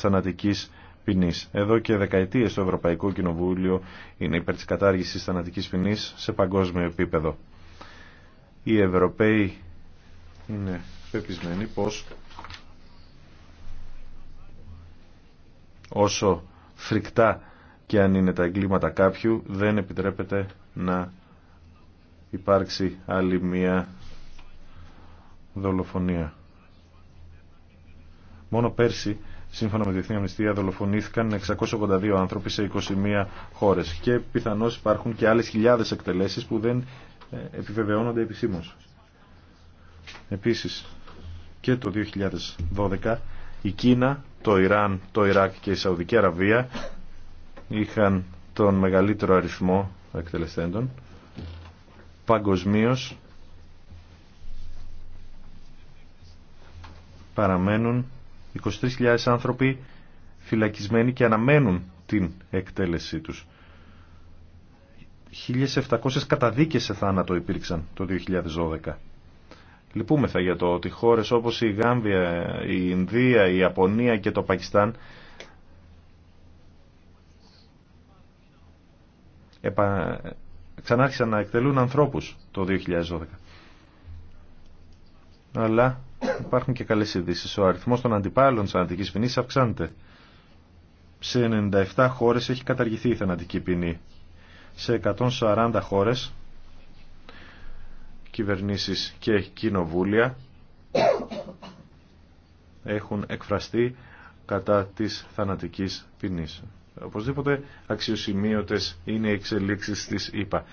θανατικής ποινής. Εδώ και δεκαετίες το Ευρωπαϊκό Κοινοβούλιο είναι υπέρ της κατάργησης θανατικής ποινής σε παγκόσμιο επίπεδο. Οι Ευρωπαίοι είναι πεπισμένοι πως όσο φρικτά και αν είναι τα εγκλήματα κάποιου δεν επιτρέπεται να υπάρξει άλλη μία δολοφονία. Μόνο πέρσι σύμφωνα με τη Διεθνή Αμνηστία δολοφονήθηκαν 682 άνθρωποι σε 21 χώρες και πιθανώς υπάρχουν και άλλες χιλιάδες εκτελέσεις που δεν ε, επιβεβαιώνονται επισήμως. Επίσης και το 2012 η Κίνα, το Ιράν, το Ιράκ και η Σαουδική Αραβία είχαν τον μεγαλύτερο αριθμό εκτελεστέντων παγκοσμίω παραμένουν 23.000 άνθρωποι φυλακισμένοι και αναμένουν την εκτέλεσή τους. 1.700 καταδίκες σε θάνατο υπήρξαν το 2012. Λυπούμεθα για το ότι χώρες όπως η Γάμβια, η Ινδία, η Ιαπωνία και το Πακιστάν επα... ξανάρχισαν να εκτελούν ανθρώπους το 2012. Αλλά Υπάρχουν και καλές ειδήσει. Ο αριθμός των αντιπάλων της θανατικής ποινής αυξάνεται. Σε 97 χώρες έχει καταργηθεί η θανατική ποινή. Σε 140 χώρες κυβερνήσεις και κοινοβούλια έχουν εκφραστεί κατά της θανατικής ποινής. Οπωσδήποτε αξιοσημείωτες είναι οι εξελίξεις της ΕΠΑ.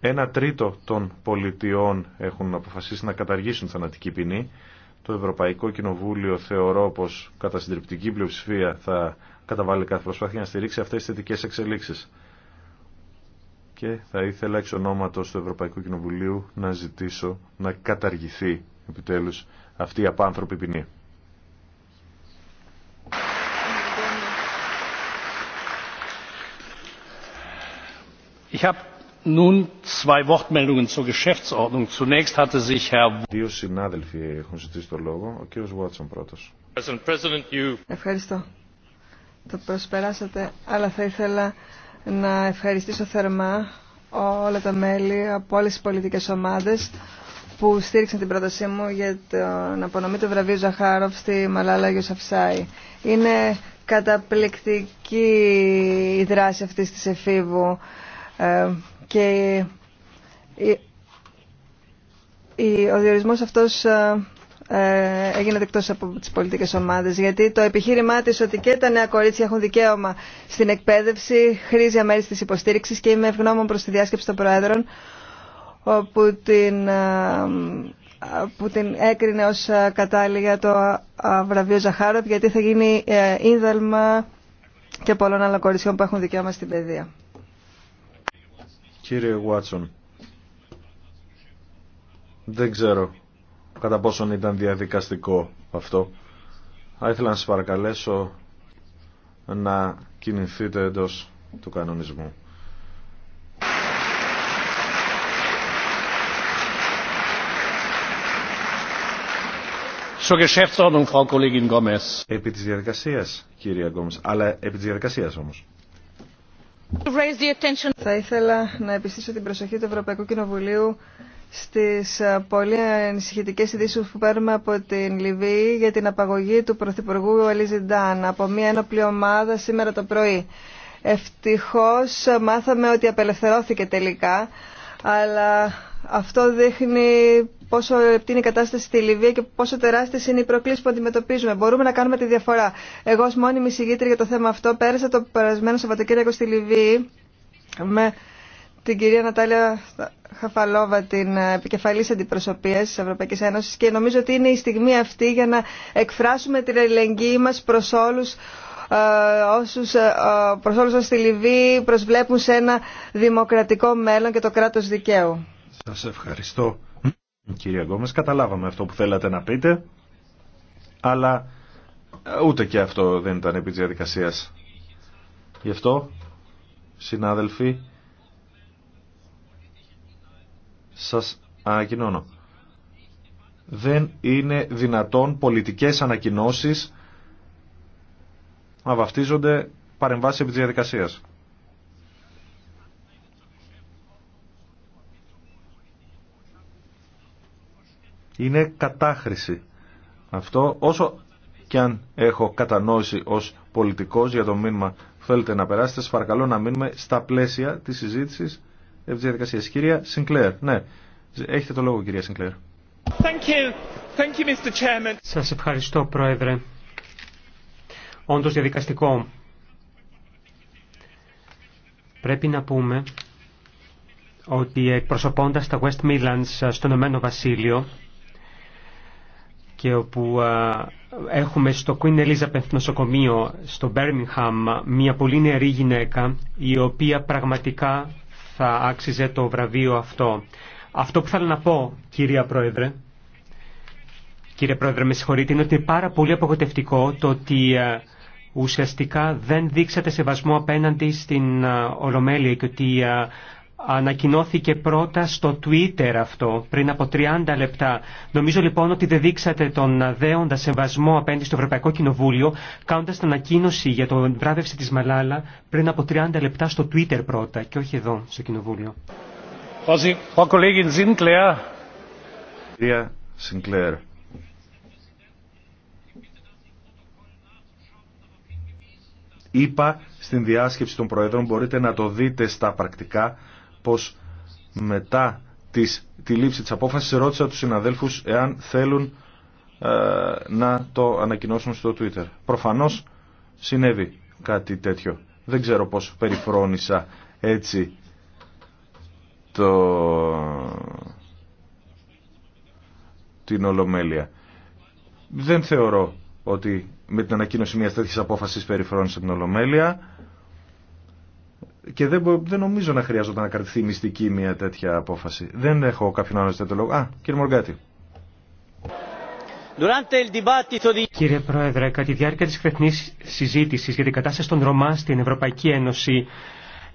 Ένα τρίτο των πολιτιών έχουν αποφασίσει να καταργήσουν θανατική ποινή το Ευρωπαϊκό Κοινοβούλιο θεωρώ πως κατά συντριπτική πλειοψηφία θα καταβάλει κάθε προσπάθεια να στηρίξει αυτές τις θετικές εξελίξεις. Και θα ήθελα εξ ονόματος του Ευρωπαϊκού Κοινοβουλίου να ζητήσω να καταργηθεί επιτέλους αυτή η απάνθρωπη ποινή. Ich Δύο συνάδελφοι έχουν ζητήσει το λόγο. Ο κύριος πρώτος. Ευχαριστώ. Το προσπεράσατε, αλλά θα ήθελα να ευχαριστήσω θερμά όλα τα μέλη από όλες τις πολιτικές ομάδες που στήριξαν την πρότασή μου για την απονομή του βραβείου Ζαχάροφ στη Μαλάλα Σαυσάη. Είναι καταπληκτική η δράση αυτής της εφήβου ε, και ο διορισμός αυτός ε, ε, έγινε δεκτός από τις πολιτικές ομάδες γιατί το επιχείρημά της ότι και τα νέα κορίτσια έχουν δικαίωμα στην εκπαίδευση χρήζει αμέριστης υποστήριξης και είμαι ευγνώμων προς τη διάσκεψη των Προέδρων ε, που την, έκρινε ως κατάλληλη για το βραβείο Ζαχάροπ γιατί θα γίνει ίνδαλμα και πολλών άλλων κοριτσιών που έχουν δικαίωμα στην παιδεία. Κύριε Βάτσον, δεν ξέρω κατά πόσον ήταν διαδικαστικό αυτό. Θα ήθελα να σας παρακαλέσω να κινηθείτε εντός του κανονισμού. Επί της διαδικασίας, κύριε Γκόμες, αλλά επί της διαδικασίας όμως. Θα ήθελα να επιστήσω την προσοχή του Ευρωπαϊκού Κοινοβουλίου στις ε, πολύ ανησυχητικέ ειδήσει που παίρνουμε από την Λιβύη για την απαγωγή του Πρωθυπουργού Αλίζη Ντάν από μια ένοπλη ομάδα σήμερα το πρωί. Ευτυχώς μάθαμε ότι απελευθερώθηκε τελικά, αλλά αυτό δείχνει πόσο λεπτή είναι η κατάσταση στη Λιβύη και πόσο τεράστιε είναι οι προκλήσει που αντιμετωπίζουμε. Μπορούμε να κάνουμε τη διαφορά. Εγώ, ω μόνιμη συγγήτρια για το θέμα αυτό, πέρασα το περασμένο Σαββατοκύριακο στη Λιβύη με την κυρία Νατάλια Χαφαλόβα, την επικεφαλή αντιπροσωπεία τη Ευρωπαϊκή Ένωση και νομίζω ότι είναι η στιγμή αυτή για να εκφράσουμε την ελεγγύη μα προ όλου όσους προς όλους ε, ε, στη Λιβύη προσβλέπουν σε ένα δημοκρατικό μέλλον και το κράτος δικαίου. Σας ευχαριστώ Κύριε Γκόμες, καταλάβαμε αυτό που θέλατε να πείτε, αλλά ε, ούτε και αυτό δεν ήταν επί της διαδικασίας. Γι' αυτό, συνάδελφοι, σας ανακοινώνω. Δεν είναι δυνατόν πολιτικές ανακοινώσεις να βαφτίζονται παρεμβάσεις επί της διαδικασίας. Είναι κατάχρηση. Αυτό όσο και αν έχω κατανόηση ως πολιτικός για το μήνυμα που θέλετε να περάσετε, σας παρακαλώ να μείνουμε στα πλαίσια της συζήτησης της διαδικασίας. Κυρία Σινκλέρ, ναι, έχετε το λόγο κυρία Σινκλέρ. Thank Σας ευχαριστώ Πρόεδρε. Όντως διαδικαστικό. Πρέπει να πούμε ότι εκπροσωπώντας τα West Midlands ε, στον Ηνωμένο Βασίλειο, και όπου έχουμε στο Queen Elizabeth νοσοκομείο στο Birmingham μια πολύ νεαρή γυναίκα η οποία πραγματικά θα άξιζε το βραβείο αυτό. Αυτό που θέλω να πω, κυρία Πρόεδρε, κύριε Πρόεδρε με συγχωρείτε, είναι ότι είναι πάρα πολύ απογοτευτικό το ότι ουσιαστικά δεν δείξατε σεβασμό απέναντι στην Ολομέλεια και ότι Ανακοινώθηκε πρώτα στο Twitter αυτό, πριν από 30 λεπτά. Νομίζω λοιπόν ότι δεν δείξατε τον δέοντα σεβασμό απέναντι στο Ευρωπαϊκό Κοινοβούλιο, κάνοντα την ανακοίνωση για τον βράβευση τη Μαλάλα πριν από 30 λεπτά στο Twitter πρώτα και όχι εδώ, στο Κοινοβούλιο. είπα στην διάσκεψη των Προέδρων, μπορείτε να το δείτε στα πρακτικά, πως μετά της, τη λήψη της απόφασης ρώτησα τους συναδέλφους εάν θέλουν ε, να το ανακοινώσουν στο Twitter. Προφανώς συνέβη κάτι τέτοιο. Δεν ξέρω πώς περιφρόνησα έτσι το... την Ολομέλεια. Δεν θεωρώ ότι με την ανακοίνωση μιας τέτοιας απόφασης περιφρόνησε την Ολομέλεια και δεν, δεν νομίζω να χρειάζονταν να κρατηθεί μυστική μια τέτοια απόφαση. Δεν έχω κάποιον άλλο τέτοιο λόγο. Α, κύριε Μοργκάτη. Κύριε Πρόεδρε, κατά τη διάρκεια τη χρεθνή συζήτηση για την κατάσταση των Ρωμά στην Ευρωπαϊκή Ένωση,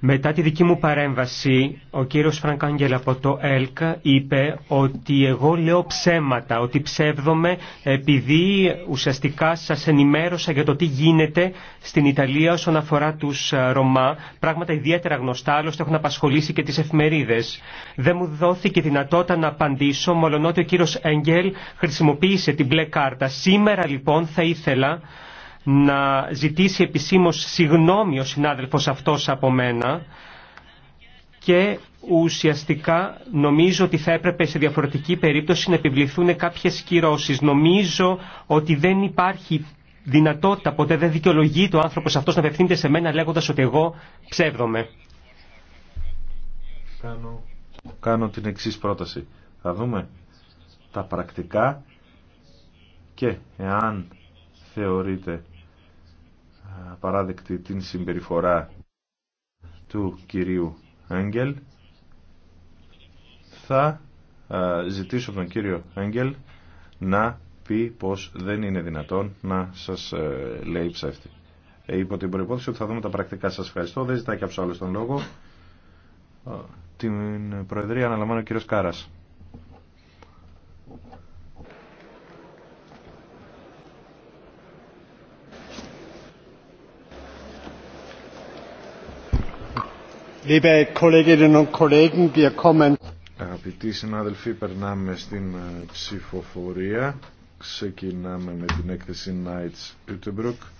μετά τη δική μου παρέμβαση, ο κύριος Φραγκάγγελ από το ΕΛΚΑ είπε ότι εγώ λέω ψέματα, ότι ψεύδομαι επειδή ουσιαστικά σας ενημέρωσα για το τι γίνεται στην Ιταλία όσον αφορά τους ε, Ρωμά, πράγματα ιδιαίτερα γνωστά, άλλωστε έχουν απασχολήσει και τις εφημερίδες. Δεν μου δόθηκε δυνατότητα να απαντήσω, ότι ο κύριος Έγγελ χρησιμοποίησε την μπλε κάρτα. Σήμερα λοιπόν θα ήθελα να ζητήσει επισήμως συγνώμη ο συνάδελφος αυτός από μένα και ουσιαστικά νομίζω ότι θα έπρεπε σε διαφορετική περίπτωση να επιβληθούν κάποιες κυρώσεις. Νομίζω ότι δεν υπάρχει δυνατότητα, ποτέ δεν δικαιολογεί το άνθρωπος αυτός να απευθύνεται σε μένα λέγοντας ότι εγώ ψεύδομαι. Κάνω, κάνω την εξή πρόταση. Θα δούμε τα πρακτικά και εάν θεωρείτε παράδεκτη την συμπεριφορά του κυρίου Έγγελ θα ε, ζητήσω τον κύριο Έγγελ να πει πως δεν είναι δυνατόν να σας ε, λέει ψεύτη. Ε, υπό την προϋπόθεση ότι θα δούμε τα πρακτικά σας ευχαριστώ. Δεν ζητάει κάποιος άλλος τον λόγο. Την Προεδρία αναλαμβάνει ο κύριος Κάρας. Αγαπητοί συνάδελφοι, περνάμε στην ε, ψηφοφορία. Ξεκινάμε με την έκθεση Knights Utenbrook.